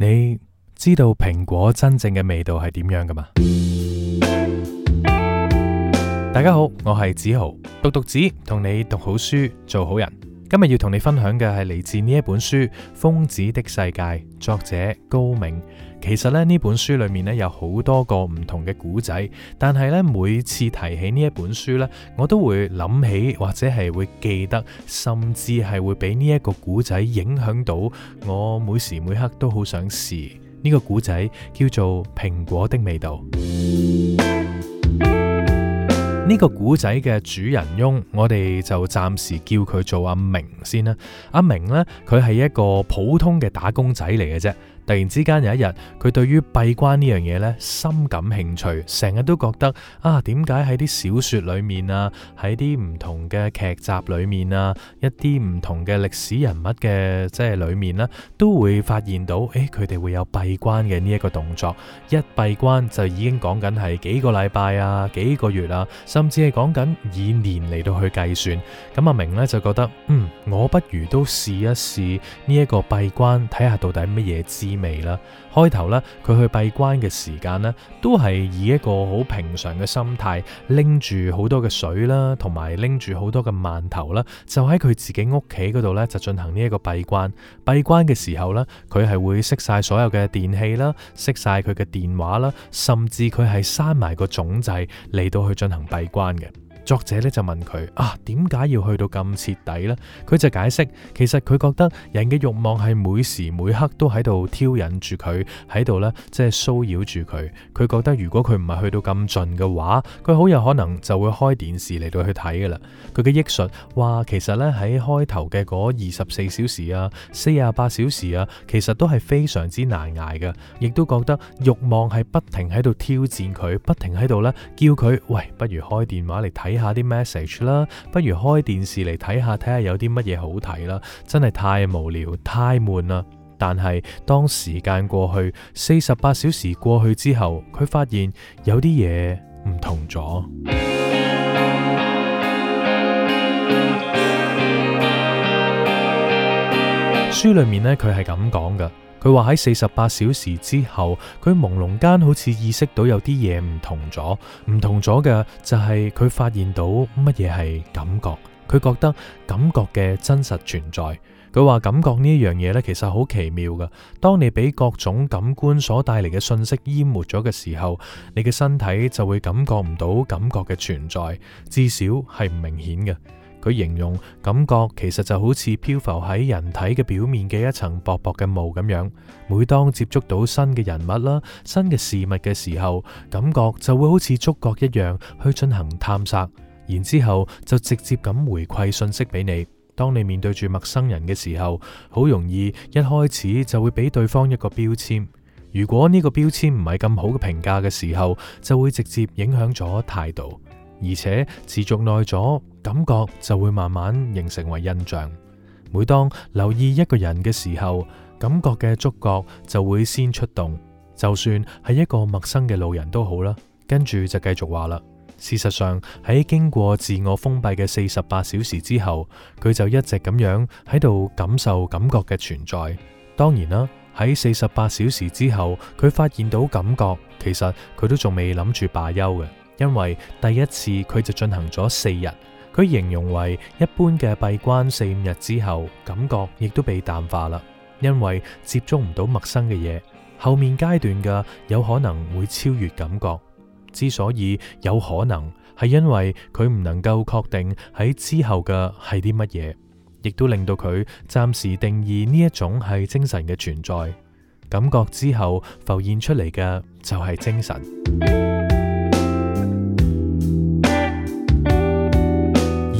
你知道蘋果真正嘅味道係點樣嘅嗎？大家好，我係子豪，獨讀子同你讀好書，做好人。今日要同你分享嘅係嚟自呢一本書《瘋子的世界》，作者高銘。其實咧呢本書裏面咧有好多個唔同嘅古仔，但係咧每次提起呢一本書咧，我都會諗起或者係會記得，甚至係會俾呢一個古仔影響到我每時每刻都好想試呢、這個古仔，叫做《蘋果的味道》。呢個古仔嘅主人翁，我哋就暫時叫佢做阿明先啦。阿明咧，佢係一個普通嘅打工仔嚟嘅啫。突然之間有一日，佢對於閉關呢樣嘢呢，深感興趣，成日都覺得啊，點解喺啲小説裡面啊，喺啲唔同嘅劇集裡面啊，一啲唔同嘅歷史人物嘅即係裡面呢、啊，都會發現到，誒佢哋會有閉關嘅呢一個動作，一閉關就已經講緊係幾個禮拜啊，幾個月啊，甚至係講緊以年嚟到去計算。咁阿明呢，就覺得，嗯，我不如都試一試呢一個閉關，睇下到底係乜嘢滋味。未啦，開頭咧，佢去閉關嘅時間咧，都係以一個好平常嘅心態，拎住好多嘅水啦，同埋拎住好多嘅饅頭啦，就喺佢自己屋企嗰度咧，就進行呢一個閉關。閉關嘅時候咧，佢係會熄晒所有嘅電器啦，熄晒佢嘅電話啦，甚至佢係閂埋個總掣嚟到去進行閉關嘅。作者咧就問佢「啊，點解要去到咁徹底呢？」佢就解釋，其實佢覺得人嘅欲望係每時每刻都喺度挑引住佢，喺度咧即係騷擾住佢。佢、就是、覺得如果佢唔係去到咁盡嘅話，佢好有可能就會開電視嚟到去睇噶啦。佢嘅憶述話，其實咧喺開頭嘅嗰二十四小時啊、四十八小時啊，其實都係非常之難挨嘅，亦都覺得欲望係不停喺度挑戰佢，不停喺度咧叫佢喂，不如開電話嚟睇。下啲 message 啦，不如開電視嚟睇下，睇下有啲乜嘢好睇啦，真係太無聊太悶啦。但係當時間過去，四十八小時過去之後，佢發現有啲嘢唔同咗。書裏面呢，佢係咁講㗎。佢話喺四十八小時之後，佢朦朧間好似意識到有啲嘢唔同咗，唔同咗嘅就係佢發現到乜嘢係感覺，佢覺得感覺嘅真實存在。佢話感覺呢樣嘢咧，其實好奇妙㗎。當你俾各種感官所帶嚟嘅信息淹沒咗嘅時候，你嘅身體就會感覺唔到感覺嘅存在，至少係唔明顯嘅。佢形容感覺其實就好似漂浮喺人體嘅表面嘅一層薄薄嘅霧咁樣。每當接觸到新嘅人物啦、新嘅事物嘅時候，感覺就會好似觸覺一樣去進行探索，然之後就直接咁回饋信息俾你。當你面對住陌生人嘅時候，好容易一開始就會俾對方一個標籤。如果呢個標籤唔係咁好嘅評價嘅時候，就會直接影響咗態度。而且持續耐咗，感覺就會慢慢形成為印象。每當留意一個人嘅時候，感覺嘅觸覺就會先出動。就算係一個陌生嘅路人都好啦，跟住就繼續話啦。事實上喺經過自我封閉嘅四十八小時之後，佢就一直咁樣喺度感受感覺嘅存在。當然啦，喺四十八小時之後，佢發現到感覺，其實佢都仲未諗住罷休嘅。因為第一次佢就進行咗四日，佢形容為一般嘅閉關四五日之後，感覺亦都被淡化啦。因為接觸唔到陌生嘅嘢，後面階段嘅有可能會超越感覺。之所以有可能，係因為佢唔能夠確定喺之後嘅係啲乜嘢，亦都令到佢暫時定義呢一種係精神嘅存在。感覺之後浮現出嚟嘅就係精神。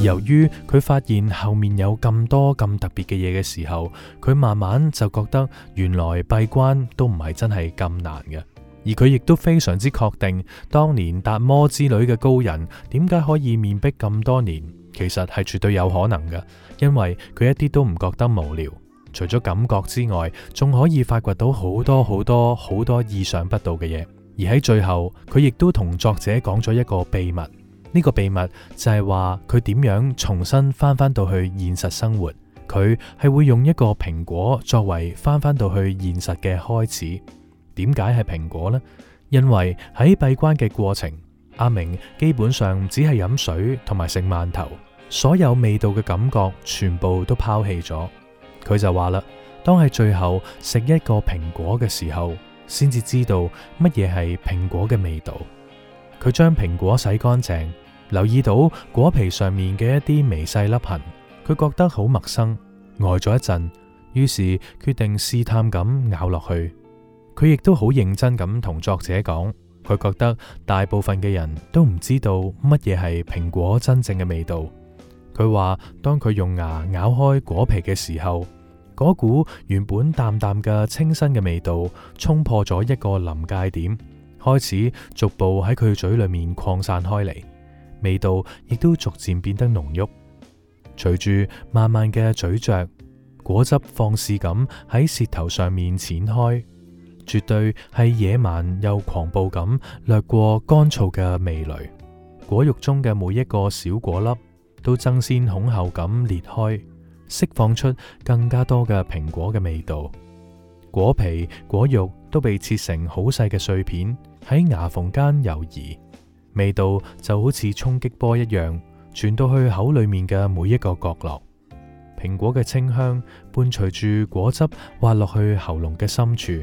由於佢發現後面有咁多咁特別嘅嘢嘅時候，佢慢慢就覺得原來閉關都唔係真係咁難嘅，而佢亦都非常之確定當年達摩之旅嘅高人點解可以面壁咁多年，其實係絕對有可能嘅，因為佢一啲都唔覺得無聊，除咗感覺之外，仲可以發掘到好多好多好多好多意想不到嘅嘢，而喺最後佢亦都同作者講咗一個秘密。呢個秘密就係話佢點樣重新翻返到去現實生活，佢係會用一個蘋果作為翻返到去現實嘅開始。點解係蘋果呢？因為喺閉關嘅過程，阿明基本上只係飲水同埋食饅頭，所有味道嘅感覺全部都拋棄咗。佢就話啦，當係最後食一個蘋果嘅時候，先至知道乜嘢係蘋果嘅味道。佢將蘋果洗乾淨，留意到果皮上面嘅一啲微細粒痕，佢覺得好陌生，呆咗一陣，於是決定試探咁咬落去。佢亦都好認真咁同作者講，佢覺得大部分嘅人都唔知道乜嘢係蘋果真正嘅味道。佢話當佢用牙咬開果皮嘅時候，嗰股原本淡淡嘅清新嘅味道衝破咗一個臨界點。開始逐步喺佢嘴裏面擴散開嚟，味道亦都逐漸變得濃郁。隨住慢慢嘅咀嚼，果汁放肆咁喺舌頭上面展開，絕對係野蠻又狂暴咁掠過乾燥嘅味蕾。果肉中嘅每一個小果粒都爭先恐後咁裂開，釋放出更加多嘅蘋果嘅味道。果皮果肉都被切成好細嘅碎片。喺牙縫間遊移，味道就好似衝擊波一樣，傳到去口裏面嘅每一個角落。蘋果嘅清香伴隨住果汁滑落去喉嚨嘅深處。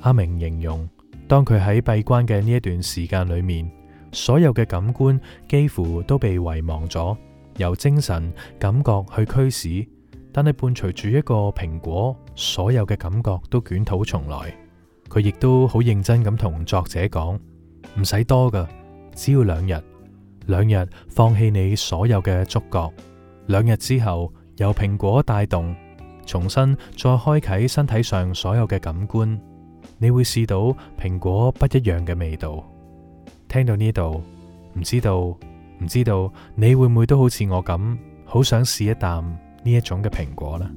阿明形容，當佢喺閉關嘅呢一段時間裏面，所有嘅感官幾乎都被遺忘咗，由精神感覺去驅使，但係伴隨住一個蘋果，所有嘅感覺都捲土重來。佢亦都好認真咁同作者講，唔使多㗎，只要兩日，兩日放棄你所有嘅觸覺，兩日之後由蘋果帶動，重新再開啟身體上所有嘅感官，你會試到蘋果不一樣嘅味道。聽到呢度，唔知道，唔知道你會唔會都好似我咁，好想試一啖呢一種嘅蘋果呢？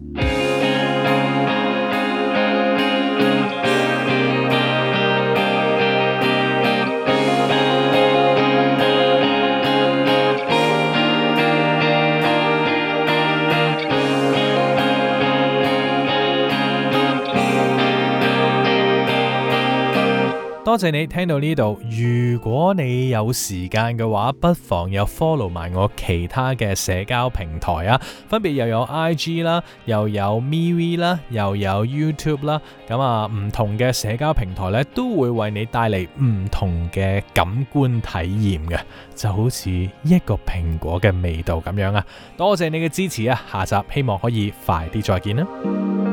多謝你聽到呢度，如果你有時間嘅話，不妨又 follow 埋我其他嘅社交平台啊，分別又有 IG 啦，又有 MeWe 啦，又有 YouTube 啦，咁啊，唔同嘅社交平台咧都會為你帶嚟唔同嘅感官體驗嘅，就好似一個蘋果嘅味道咁樣啊！多謝你嘅支持啊，下集希望可以快啲再見啦。